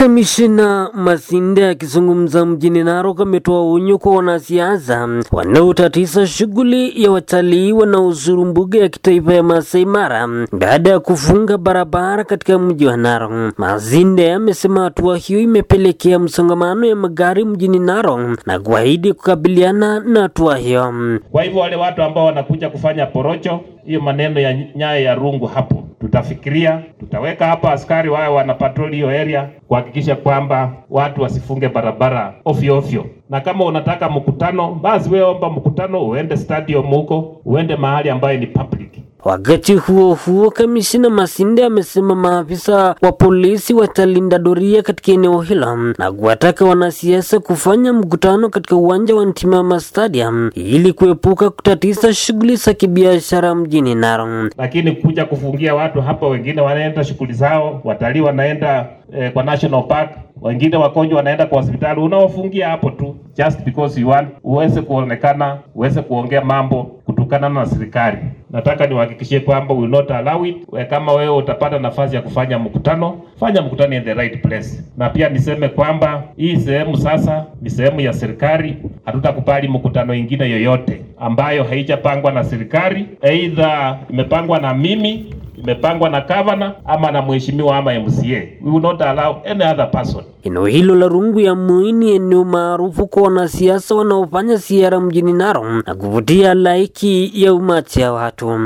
Kamishina Masinde akizungumza mjini Narok ametoa onyo kwa wanasiasa wanaotatiza shughuli ya watalii wanaozuru mbuga ya kitaifa ya Masai Mara baada ya kufunga barabara katika mji wa Narok. Masinde amesema hatua hiyo imepelekea msongamano ya magari mjini Narok na kuahidi kukabiliana na hatua hiyo. Kwa hivyo wale watu ambao wanakuja kufanya porocho, hiyo maneno ya nyayo ya rungu hapo tutafikiria, tutaweka hapa askari wao wana patroli hiyo area kuhakikisha kwamba watu wasifunge barabara ofyo ofyo. Na kama unataka mkutano, basi wewe omba mkutano, uende stadium huko, uende mahali ambayo ni public Wakati huo huo, kamishina Masinde amesema maafisa wa polisi watalinda doria katika eneo hilo na kuwataka wanasiasa kufanya mkutano katika uwanja wa Ntimama Stadium ili kuepuka kutatiza shughuli za kibiashara mjini naro Lakini kuja kufungia watu hapa, wengine wanaenda shughuli zao, watalii wanaenda eh, kwa national park, wengine wagonjwa wanaenda kwa hospitali, unaofungia hapo tu just because you want uweze kuonekana, uweze kuongea mambo kutukana na serikali nataka niwahakikishie kwamba we will not allow it. Kama wewe utapata nafasi ya kufanya mkutano, fanya mkutano in the right place. Na pia niseme kwamba hii sehemu sasa ni sehemu ya serikali, hatutakubali mkutano ingine yoyote ambayo haijapangwa na serikali, aidha imepangwa na mimi imepangwa na gavana ama na mheshimiwa ama MCA. We will not allow any other person. Eneo hilo la rungu ya Muhini, eneo maarufu kwa wanasiasa wanaofanya siara mjini naro na kuvutia laiki ya umati ya watu.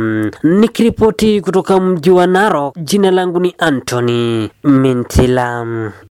Nikiripoti kutoka mji wa Narok, jina langu ni Anthony Mintilam.